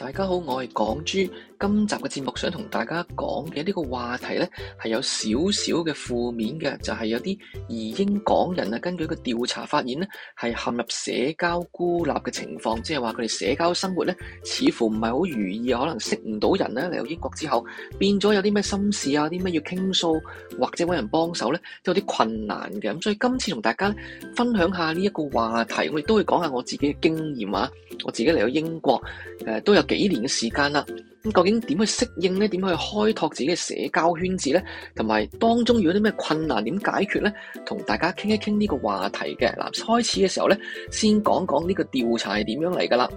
大家好，我係港豬。今集嘅節目想同大家講嘅呢個話題呢，係有少少嘅負面嘅，就係、是、有啲移英港人啊，根據個調查發現呢係陷入社交孤立嘅情況，即係話佢哋社交生活呢，似乎唔係好如意，可能識唔到人呢，嚟到英國之後變咗有啲咩心事啊，啲咩要傾訴或者揾人幫手呢，都有啲困難嘅。咁所以今次同大家分享下呢一個話題，我亦都會講下我自己嘅經驗啊，我自己嚟到英國誒、呃、都有。幾年嘅時間啦，咁究竟點去適應呢？點去開拓自己嘅社交圈子呢？同埋當中如果有啲咩困難，點解決呢？同大家傾一傾呢個話題嘅。嗱，開始嘅時候呢，先講講呢個調查係點樣嚟㗎啦。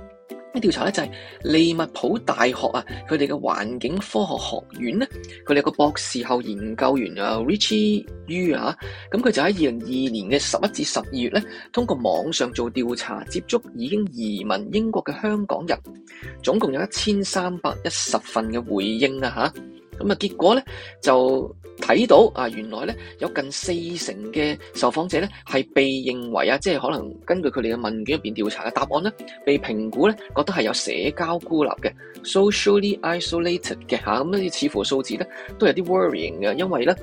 咩調查咧？就係利物浦大學啊，佢哋嘅環境科學學院咧，佢哋有個博士後研究員啊，Richie Yu 吓，咁佢就喺二零二二年嘅十一至十二月咧，通過網上做調查，接觸已經移民英國嘅香港人，總共有一千三百一十份嘅回應啊。嚇。咁啊，結果咧就睇到啊，原來咧有近四成嘅受訪者咧係被認為啊，即係可能根據佢哋嘅問卷入面調查嘅答案咧，被評估咧覺得係有社交孤立嘅，socially isolated 嘅嚇，咁咧啲似乎數字咧都有啲 worrying 嘅，因為咧。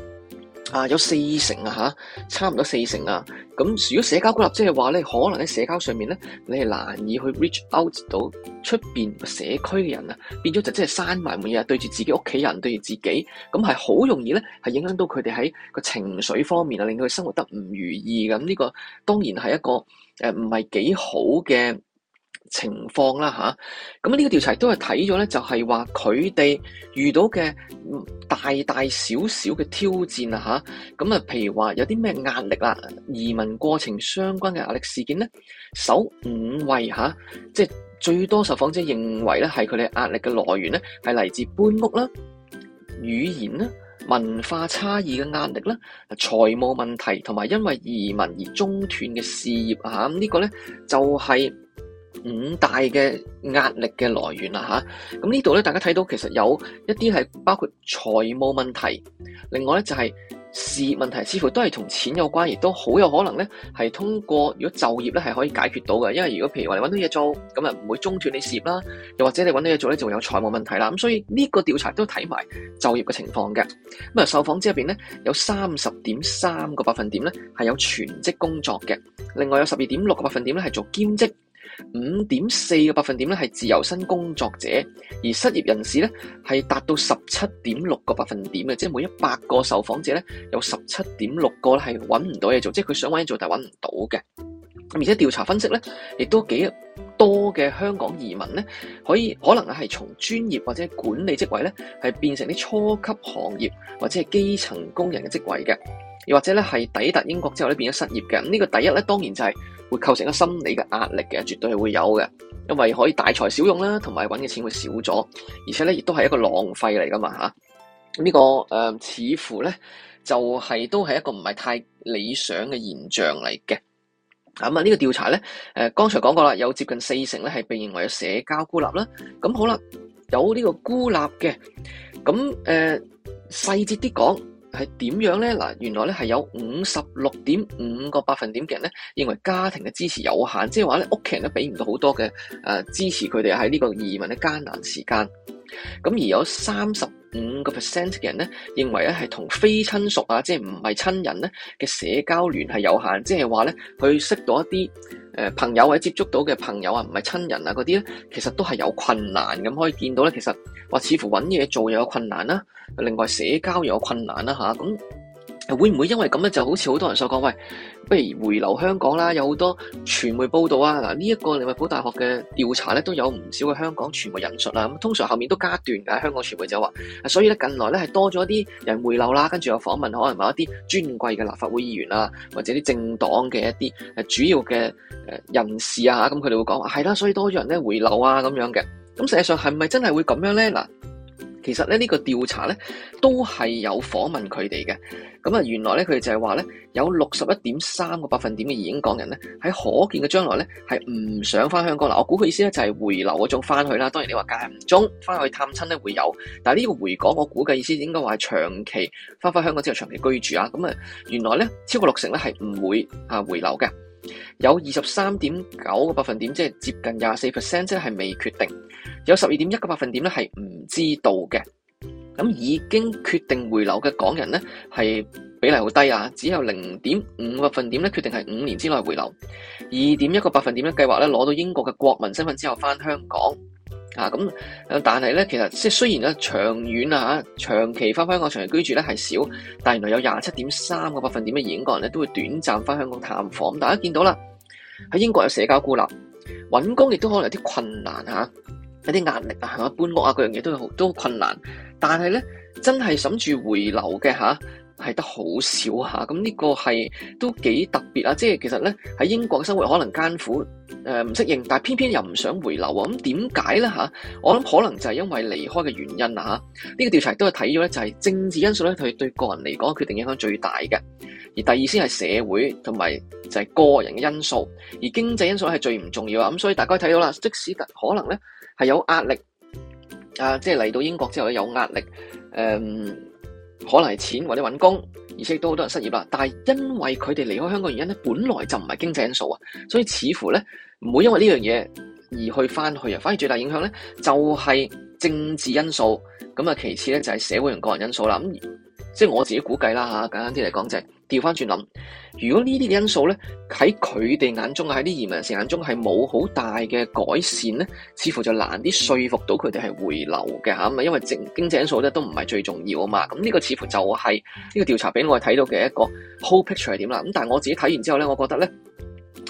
啊，有四成啊，吓，差唔多四成啊。咁如果社交孤立，即係話咧，可能喺社交上面咧，你係難以去 reach out 到出邊社區嘅人啊，變咗就即係閂埋，每日對住自己屋企人，對住自己，咁係好容易咧，係影響到佢哋喺個情緒方面啊，令到佢生活得唔如意咁。呢個當然係一個誒唔係幾好嘅。情況啦，吓，咁呢個調查都係睇咗咧，就係話佢哋遇到嘅大大小小嘅挑戰啊，吓，咁啊，譬如話有啲咩壓力啊？移民過程相關嘅壓力事件咧，首五位吓，即係最多受訪者認為咧，係佢哋壓力嘅來源咧，係嚟自搬屋啦、語言啦、文化差異嘅壓力啦、財務問題同埋因為移民而中斷嘅事業啊，咁呢個咧就係。五大嘅壓力嘅來源啦嚇，咁、啊、呢度咧，大家睇到其實有一啲係包括財務問題，另外咧就係、是、事業問題，似乎都係同錢有關，亦都好有可能咧係通過如果就業咧係可以解決到嘅，因為如果譬如話你搵到嘢做，咁啊唔會中斷你事業啦，又或者你搵到嘢做咧就會有財務問題啦，咁、啊、所以呢個調查都睇埋就業嘅情況嘅，咁啊受訪者入邊咧有三十點三個百分點咧係有全職工作嘅，另外有十二點六個百分點咧係做兼職。五點四個百分點咧係自由身工作者，而失業人士咧係達到十七點六個百分點嘅，即係每一百個受訪者咧有十七點六個咧係揾唔到嘢做，即係佢想揾嘢做但係揾唔到嘅。咁而且調查分析咧亦都幾多嘅香港移民咧可以可能係從專業或者管理職位咧係變成啲初級行業或者係基層工人嘅職位嘅，又或者咧係抵達英國之後咧變咗失業嘅。呢個第一咧當然就係會構成一個心理嘅壓力嘅，絕對係會有嘅，因為可以大材小用啦，同埋揾嘅錢會少咗，而且咧亦都係一個浪費嚟噶嘛吓，呢、這個誒、呃、似乎咧就係、是、都係一個唔係太理想嘅現象嚟嘅。咁啊呢個調查咧，誒、呃、剛才講過啦，有接近四成咧係被認為有社交孤立啦，咁好啦，有呢個孤立嘅，咁誒、呃、細節啲講。係點樣咧？嗱，原來咧係有五十六點五個百分點嘅人咧，認為家庭嘅支持有限，即係話咧屋企人都俾唔到好多嘅，誒支持佢哋喺呢個移民嘅艱難時間。咁而有三十五個 percent 嘅人咧，認為咧係同非親屬啊，即係唔係親人咧嘅社交聯繫有限，即係話咧去識到一啲。誒朋友或者接觸到嘅朋友啊，唔係親人啊嗰啲咧，其實都係有困難。咁，可以見到咧，其實話似乎揾嘢做又有困難啦、啊，另外社交又有困難啦、啊、吓？咁。嗯會唔會因為咁咧，就好似好多人所講，喂，不如回流香港啦？有好多傳媒報道啊，嗱，呢一個利物浦大學嘅調查咧，都有唔少嘅香港傳媒引述啦。咁通常後面都加段嘅香港傳媒就話，所以咧近來咧係多咗一啲人回流啦，跟住又訪問，可能某一啲尊貴嘅立法會議員啊，或者啲政黨嘅一啲誒主要嘅誒人士啊，咁佢哋會講話係啦，所以多咗人咧回流啊咁樣嘅。咁實際上係唔係真係會咁樣咧？嗱？其實咧，這個、調查呢個調查咧都係有訪問佢哋嘅。咁啊，原來咧佢哋就係話咧，有六十一點三個百分點嘅移英港人咧，喺可見嘅將來咧係唔想翻香港。嗱，我估佢意思咧就係回流嗰種翻去啦。當然你話間唔中翻去探親咧會有，但係呢個回港我估嘅意思應該話係長期翻返香港之後長期居住啊。咁啊，原來咧超過六成咧係唔會啊回流嘅。有二十三點九個百分點，即係接近廿四 percent，即係未決定；有十二點一個百分點咧係唔知道嘅。咁已經決定回流嘅港人呢，係比例好低啊，只有零點五個百分點咧決定係五年之內回流，二點一個百分點咧計劃咧攞到英國嘅國民身份之後返香港。啊咁，但係咧，其實即係雖然咧，長遠啊，長期翻翻香港長期居住咧係少，但原來有廿七點三個百分點嘅英國人咧都會短暫翻香港探訪。大家見到啦，喺英國有社交孤立，揾工亦都可能有啲困難嚇、啊，有啲壓力啊，搬屋啊，嗰樣嘢都好都困難。但係咧，真係諗住回流嘅嚇。啊係得好少嚇，咁呢個係都幾特別啊！即係其實咧喺英國嘅生活可能艱苦，誒唔適應，但係偏偏又唔想回流。咁點解咧吓，我諗可能就係因為離開嘅原因啊。呢個調查都係睇咗咧，就係政治因素咧，佢對個人嚟講決定影響最大嘅。而第二先係社會同埋就係個人嘅因素，而經濟因素係最唔重要啊。咁所以大家睇到啦，即使可能咧係有壓力啊，即係嚟到英國之後有壓力誒。嗯可能係錢或者搵工，而且都好多人失業啦。但係因為佢哋離開香港原因咧，本來就唔係經濟因素啊，所以似乎咧唔會因為呢樣嘢而去翻去啊。反而最大影響咧就係政治因素。咁啊，其次咧就係社會同個人因素啦。咁即係我自己估計啦吓，簡單啲嚟講就係。調翻轉諗，如果呢啲因素咧喺佢哋眼中，喺啲移民人士眼中係冇好大嘅改善咧，似乎就難啲說服到佢哋係回流嘅吓，因為經經濟因素咧都唔係最重要啊嘛。咁呢個似乎就係呢個調查俾我哋睇到嘅一個 whole picture 係點啦。咁但係我自己睇完之後咧，我覺得咧。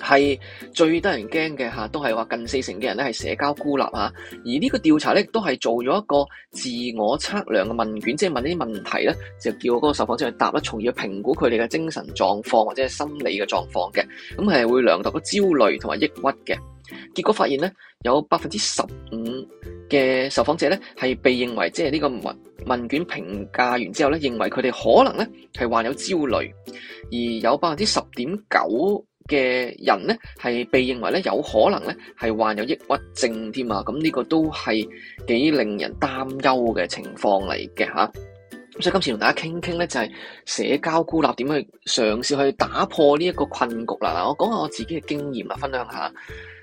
係最得人驚嘅，都係話近四成嘅人咧係社交孤立。而呢個調查咧都係做咗一個自我測量嘅問卷，即係問呢啲問題咧，就叫我嗰個受訪者去答啦，從而去評估佢哋嘅精神狀況或者係心理嘅狀況嘅。咁係會量度個焦慮同埋抑鬱嘅。結果發現咧，有百分之十五嘅受訪者咧係被認為即係呢個問問卷評價完之後咧，認為佢哋可能咧係患有焦慮，而有百分之十點九。嘅人咧，係被認為咧有可能咧係患有抑鬱症添啊！咁呢個都係幾令人擔憂嘅情況嚟嘅吓，所以今次同大家傾傾咧，就係社交孤立點去嘗試去打破呢一個困局啦。嗱，我講下我自己嘅經驗啊，分享下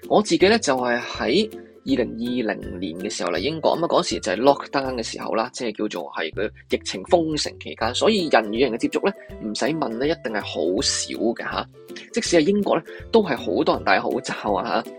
我自己咧就係喺二零二零年嘅時候嚟英國咁啊，嗰時就係 lock down 嘅時候啦，即係叫做係佢疫情封城期間，所以人與人嘅接觸咧唔使問咧，一定係好少嘅嚇。即使係英國咧，都係好多人戴口罩啊嚇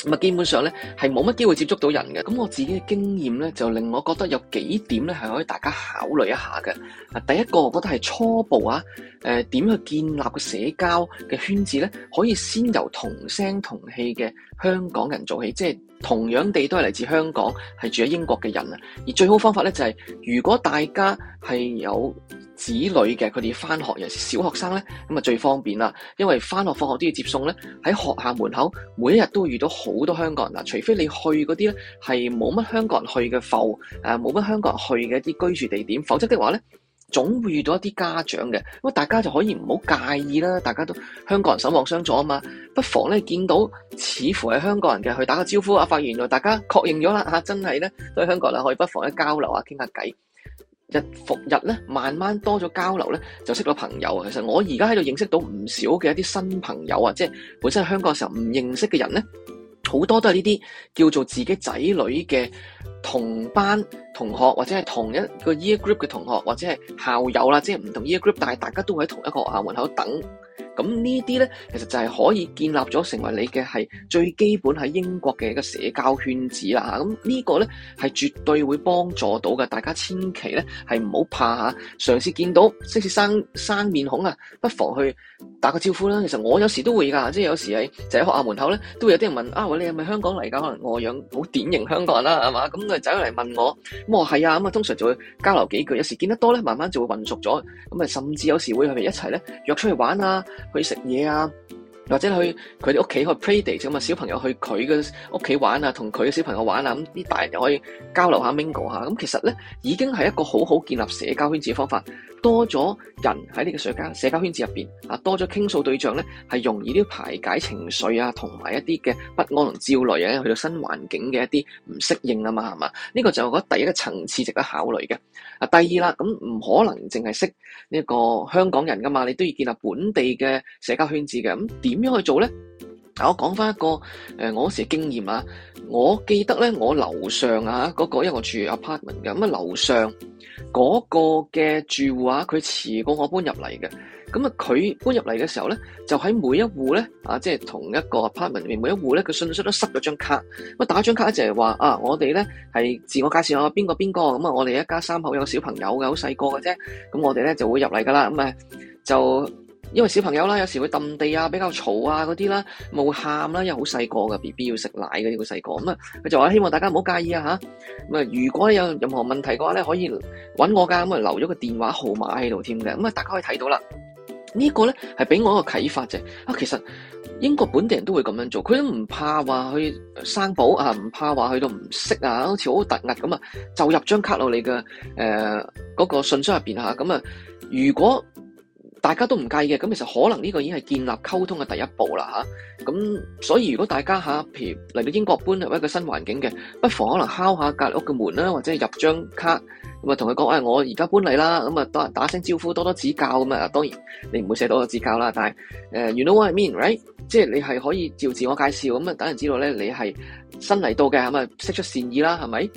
咁啊，基本上咧係冇乜機會接觸到人嘅。咁我自己嘅經驗咧，就令我覺得有幾點咧係可以大家考慮一下嘅啊。第一個，我覺得係初步啊，誒點去建立個社交嘅圈子咧，可以先由同聲同氣嘅香港人做起，即係。同樣地都係嚟自香港，係住喺英國嘅人啊！而最好方法呢，就係、是，如果大家係有子女嘅，佢哋翻學嘅小學生呢，咁啊最方便啦，因為翻學放學都要接送呢，喺學校門口每一日都會遇到好多香港人啦，除非你去嗰啲呢係冇乜香港人去嘅埠，誒冇乜香港人去嘅一啲居住地點，否則的話呢。總會遇到一啲家長嘅，咁大家就可以唔好介意啦，大家都香港人守望相助啊嘛，不妨咧見到似乎係香港人嘅，去打個招呼啊發，發現原來大家確認咗啦嚇，真係咧都係香港人可以不妨一交流啊，傾下偈，日復日咧，慢慢多咗交流咧，就識咗朋友。其實我而家喺度認識到唔少嘅一啲新朋友啊，即係本身喺香港嘅時候唔認識嘅人咧。好多都係呢啲叫做自己仔女嘅同班同學，或者係同一個 year group 嘅同學，或者係校友啦，即係唔同 year group，但係大家都喺同一個學校門口等。咁呢啲咧，其實就係可以建立咗成為你嘅係最基本喺英國嘅一個社交圈子啦嚇。咁呢個咧係絕對會幫助到嘅，大家千祈咧係唔好怕吓嘗試見到即使生生面孔啊，不妨去打個招呼啦。其實我有時都會㗎，即係有時係就喺、喺、學校門口咧，都會有啲人問啊，喂，你係咪香港嚟㗎？可能我樣好典型香港人啦、啊，係嘛？咁、嗯、佢走嚟問我，咁我話係啊，咁啊，通常就會交流幾句。有時見得多咧，慢慢就會混熟咗。咁啊，甚至有時會係一齊咧約出去玩啊。去食嘢啊，或者去佢哋屋企去 play date 咁啊，小朋友去佢嘅屋企玩啊，同佢嘅小朋友玩啊，咁啲大人又可以交流下 mingle 吓，咁其實咧已經係一個好好建立社交圈子嘅方法。多咗人喺呢個社交社交圈子入邊，啊多咗傾訴對象呢係容易啲排解情緒啊，同埋一啲嘅不安同焦慮啊，去到新環境嘅一啲唔適應啊嘛，係嘛？呢、這個就我覺得第一個層次值得考慮嘅。啊，第二啦，咁唔可能淨係識呢個香港人噶嘛，你都要建立本地嘅社交圈子嘅。咁點樣去做呢？啊、我講翻一個誒、呃，我嗰時經驗啊，我記得咧，我樓上啊嗰、那個一個住 apartment 嘅，咁、那、啊、個、樓上嗰個嘅住戶啊，佢遲過我搬入嚟嘅，咁啊佢搬入嚟嘅時候咧，就喺每一戶咧啊，即係同一個 apartment 裏面每一戶咧，佢信箱都塞咗張卡，咁、那個、打張卡就係話啊，我哋咧係自我介紹啊，邊個邊個咁啊，我哋一家三口有個小朋友嘅，好細個嘅啫，咁我哋咧就會入嚟噶啦，咁啊就。因為小朋友啦，有時會揼地啊，比較嘈啊嗰啲啦，冇喊啦，因為好細個嘅 B B 要食奶嘅，要細個咁啊，佢就話希望大家唔好介意啊吓，咁啊，如果有任何問題嘅話咧，可以揾我㗎，咁啊留咗個電話號碼喺度添嘅，咁啊大家可以睇到啦，這個、呢個咧係俾我一個啟發啫，啊其實英國本地人都會咁樣做，佢都唔怕話去生保啊，唔怕話去到唔識啊，好似好突兀咁啊，就入張卡落你嘅誒嗰個信箱入邊嚇，咁啊如果。大家都唔介意嘅，咁其實可能呢個已經係建立溝通嘅第一步啦吓，咁所以如果大家吓，譬如嚟到英國搬入一個新環境嘅，不妨可能敲下隔籬屋嘅門啦，或者入張卡咁啊，同佢講：我而家搬嚟啦，咁啊打打聲招呼，多多指教咁啊。當然你唔會寫到多多指教啦，但係 you know what I mean，right？即係你係可以照自我介紹咁啊，等人知道咧你係新嚟到嘅，係咪釋出善意啦？係咪？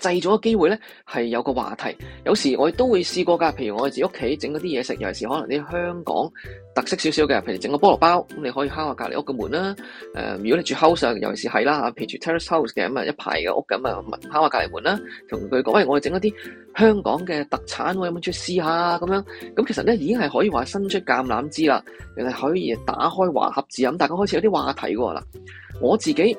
製造嘅機會咧，係有個話題。有時我亦都會試過㗎，譬如我哋自己屋企整嗰啲嘢食，尤其是可能啲香港特色少少嘅，譬如整個菠蘿包，咁你可以敲下隔離屋嘅門啦，呃。如果你住 house 上，尤其是係啦譬如住 terrace house 嘅咁啊一排嘅屋咁啊，敲下隔離門啦，同佢講，喂，我哋整一啲香港嘅特產，我有冇出去試下咁樣？咁其實咧已經係可以話伸出橄欖枝啦，又係可以打開話匣子，咁大家開始有啲話題㗎啦。我自己。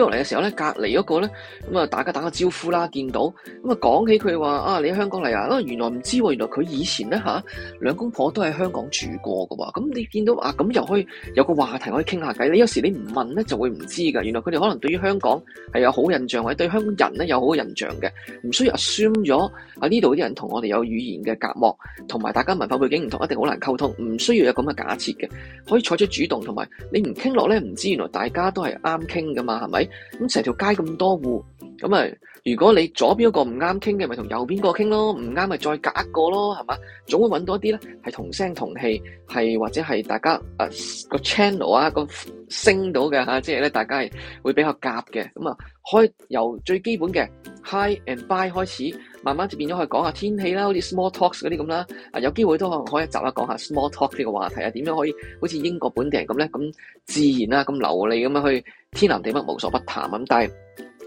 入嚟嘅時候咧，隔籬嗰個咧，咁啊，大家打個招呼啦，見到咁啊，講起佢話啊，你喺香港嚟啊？原來唔知喎，原來佢以前咧吓，兩公婆都喺香港住過噶喎。咁你見到啊，咁又可以有個話題可以傾下偈。你有時你唔問咧，就會唔知噶。原來佢哋可能對於香港係有好印象，或者對香港人咧有好印象嘅，唔需要 assume 咗啊呢度啲人同我哋有語言嘅隔膜，同埋大家文化背景唔同，一定好難溝通，唔需要有咁嘅假設嘅，可以採取主動，同埋你唔傾落咧，唔知原來大家都係啱傾噶嘛，係咪？咁成條街咁多戶，咁啊，如果你左邊個唔啱傾嘅，咪同右邊個傾咯，唔啱咪再夾一個咯，係嘛？總會揾到一啲咧，係同聲同氣，係或者係大家誒個 channel 啊個聲道嘅吓，即係咧大家係會比較夾嘅，咁啊，開由最基本嘅。Hi and bye 開始，慢慢就變咗去講下天氣啦，好似 small talk 嗰啲咁啦。啊，有機會都可能可以集下講下講下 small talk 呢個話題啊，點樣可以好似英國本地人咁咧，咁自然啦，咁流利咁樣去天南地北無所不談啊。咁但係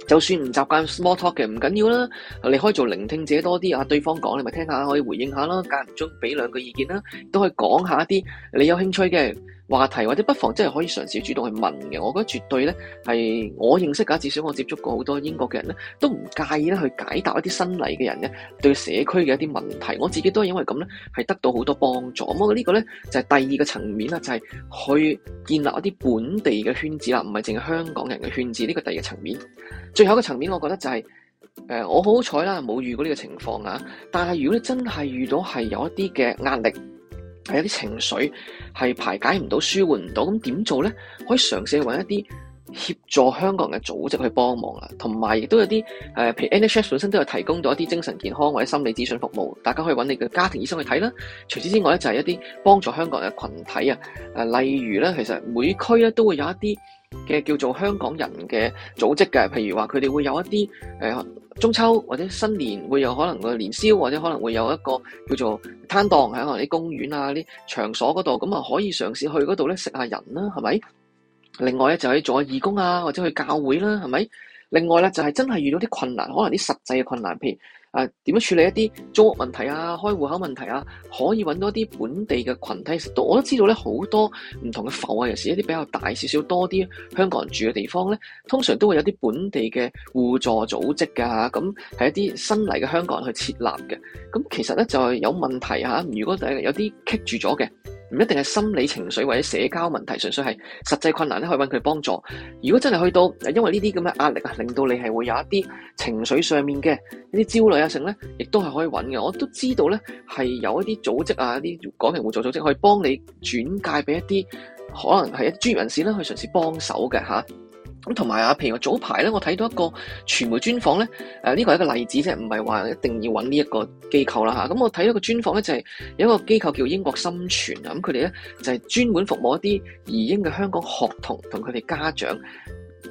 就算唔習慣 small talk 嘅，唔緊要啦，你可以做聆聽者多啲啊，對方講你咪聽下，可以回應下啦，間唔中俾兩句意見啦，都可以講下一啲你有興趣嘅。話題，或者不妨真係可以嘗試主動去問嘅，我覺得絕對呢，係我認識噶，至少我接觸過好多英國嘅人呢，都唔介意咧去解答一啲新嚟嘅人呢對社區嘅一啲問題。我自己都係因為咁呢，係得到好多幫助。咁啊呢個呢，就係第二個層面啦，就係去建立一啲本地嘅圈子啦，唔係淨係香港人嘅圈子。呢個第二個層面，最後一個層面，我覺得就係誒，我好彩啦，冇遇過呢個情況啊。但係如果你真係遇到係有一啲嘅壓力。係有啲情緒係排解唔到、舒緩唔到，咁點做咧？可以嘗試去揾一啲協助香港人嘅組織去幫忙啦，同埋亦都有啲誒、呃，譬如 NHS 本身都有提供到一啲精神健康或者心理諮詢服務，大家可以揾你嘅家庭醫生去睇啦。除此之外咧，就係一啲幫助香港人嘅群體啊、呃，例如咧，其實每區咧都會有一啲嘅叫做香港人嘅組織嘅，譬如話佢哋會有一啲中秋或者新年會有可能個年宵，或者可能會有一個叫做攤檔喺我哋啲公園啊、啲場所嗰度，咁啊可以嘗試去嗰度咧食下人啦，係咪？另外咧就可以做下義工啊，或者去教會啦，係咪？另外咧就係真係遇到啲困難，可能啲實際嘅困難，譬如。誒點樣處理一啲租屋問題啊、開戶口問題啊，可以揾到啲本地嘅群體。我都知道咧，好多唔同嘅埠啊，尤其係一啲比較大少少多啲香港人住嘅地方咧，通常都會有啲本地嘅互助組織㗎、啊，咁、啊、係一啲新嚟嘅香港人去設立嘅。咁、啊、其實咧就係、有問題啊。如果有啲棘住咗嘅。唔一定係心理情緒或者社交問題，純粹係實際困難咧，可以揾佢幫助。如果真係去到，因為呢啲咁嘅壓力啊，令到你係會有一啲情緒上面嘅一啲焦慮啊，性咧，亦都係可以揾嘅。我都知道咧，係有一啲組織啊，一啲港人互助組織可以幫你轉介俾一啲可能係一啲專業人士咧，去嘗試幫手嘅嚇。咁同埋啊，譬如早排咧，我睇到一個傳媒專訪咧，呢個係一個例子啫，唔係話一定要揾呢一個機構啦嚇。咁我睇到一個專訪咧，就係有一個機構叫英國心存傳。啊，咁佢哋咧就係專門服務一啲移英嘅香港學童同佢哋家長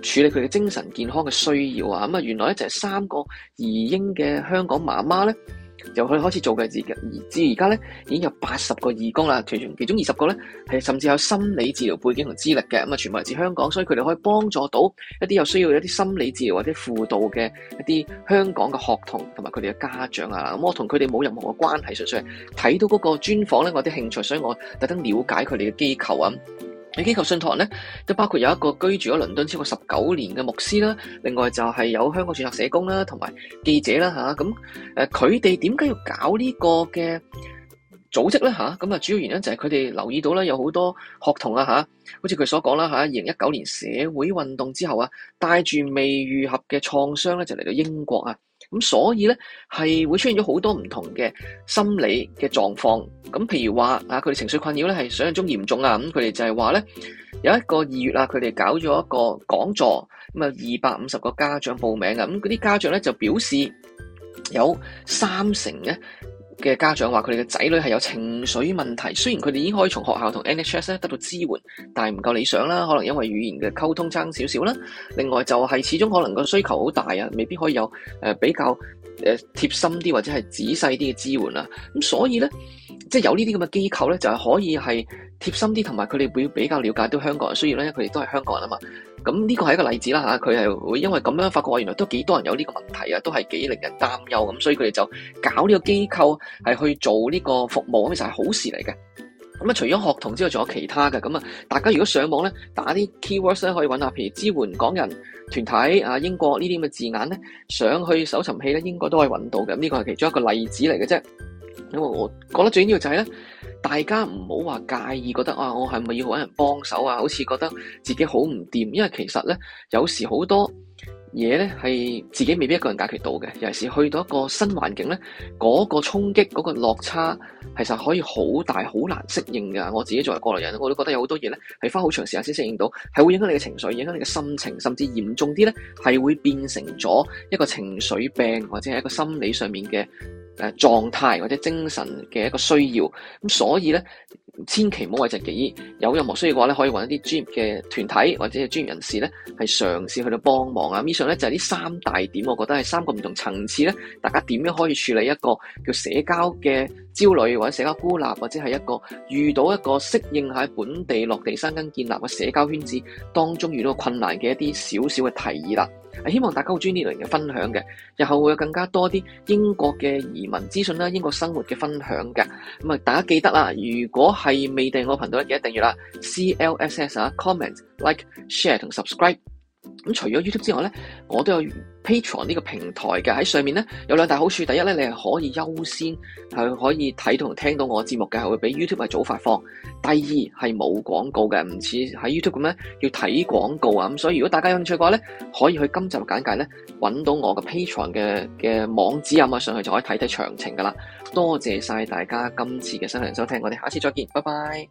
處理佢哋嘅精神健康嘅需要啊。咁啊，原來咧就係三個移英嘅香港媽媽咧。由佢開始做嘅事嘅，而至而家咧已經有八十個義工啦，其中其中二十個咧係甚至有心理治療背景同資歷嘅。咁啊全部嚟自香港，所以佢哋可以幫助到一啲有需要一啲心理治療或者輔導嘅一啲香港嘅學童同埋佢哋嘅家長啊，咁、嗯、我同佢哋冇任何嘅關係，純粹係睇到嗰個專訪咧，我有啲興趣，所以我特登了解佢哋嘅機構啊。喺機構信託人咧，都包括有一個居住喺倫敦超過十九年嘅牧師啦，另外就係有香港註冊社工啦，同埋記者啦嚇，咁誒佢哋點解要搞呢個嘅組織咧嚇？咁啊主要原因就係佢哋留意到啦，有好多學童啊嚇，好似佢所講啦嚇，二零一九年社會運動之後啊，帶住未愈合嘅創傷咧，就嚟到英國啊。咁所以咧，係會出現咗好多唔同嘅心理嘅狀況。咁譬如話，啊佢哋情緒困擾咧係想像中嚴重啊，咁佢哋就係話咧有一個二月啊，佢哋搞咗一個講座，咁啊二百五十個家長報名啊，咁嗰啲家長咧就表示有三成嘅。嘅家長話：佢哋嘅仔女係有情緒問題，雖然佢哋已經可以從學校同 NHS 咧得到支援，但係唔夠理想啦。可能因為語言嘅溝通差少少啦。另外就係始終可能個需求好大啊，未必可以有誒、呃、比較誒呃、貼心啲或者係仔細啲嘅支援啦。咁所以呢。即係有呢啲咁嘅機構咧，就係可以係貼心啲，同埋佢哋會比較了解到香港人需要咧，佢哋都係香港人啊嘛。咁呢個係一個例子啦吓，佢係會因為咁樣發覺，原來都幾多人有呢個問題啊，都係幾令人擔憂咁，所以佢哋就搞呢個機構係去做呢個服務，其實係好事嚟嘅。咁啊，除咗學童之外，仲有其他嘅。咁啊，大家如果上網咧打啲 keywords 咧，可以揾下，譬如支援港人團體啊、英國呢啲咁嘅字眼咧，上去搜尋器咧，應該都可以揾到嘅。呢個係其中一個例子嚟嘅啫。因為我覺得最緊要就係咧，大家唔好話介意，覺得啊，我係咪要揾人幫手啊？好似覺得自己好唔掂，因為其實咧，有時好多嘢咧係自己未必一個人解決到嘅，尤其是去到一個新環境咧，嗰個衝擊、嗰個落差，其實可以好大、好難適應㗎。我自己作為過來人，我都覺得有好多嘢咧係花好長時間先適應到，係會影響你嘅情緒、影響你嘅心情，甚至嚴重啲咧係會變成咗一個情緒病或者係一個心理上面嘅。誒、啊、狀態或者精神嘅一個需要，咁所以咧，千祈唔好諱疾忌醫，有任何需要嘅話咧，可以搵一啲專業嘅團體或者係專業人士咧，係嘗試去到幫忙啊。以上咧就係、是、呢三大點，我覺得係三個唔同層次咧，大家點樣可以處理一個叫社交嘅焦慮或者社交孤立或者係一個遇到一個適應喺本地落地生根建立嘅社交圈子當中遇到困難嘅一啲小小嘅提議啦、啊啊。希望大家好中意呢類型嘅分享嘅，日後會有更加多啲英國嘅。移民資訊啦，英國生活嘅分享嘅，咁啊大家記得啦，如果係未訂我頻道咧，記得訂閱啦，CLSS 啊，comment、like、share 同 subscribe。咁除咗 YouTube 之外咧，我都有 Patreon 呢個平台嘅，喺上面咧，有兩大好處，第一咧，你係可以優先係可以睇到同聽到我嘅節目嘅，係會比 YouTube 係早發放；第二係冇廣告嘅，唔似喺 YouTube 咁樣要睇廣告啊。咁所以如果大家有興趣嘅話咧，可以去今集簡介咧搵到我嘅 Patreon 嘅嘅網址啊，咪上去就可以睇睇詳情噶啦。多謝晒大家今次嘅新聞收聽，我哋下次再見，拜拜。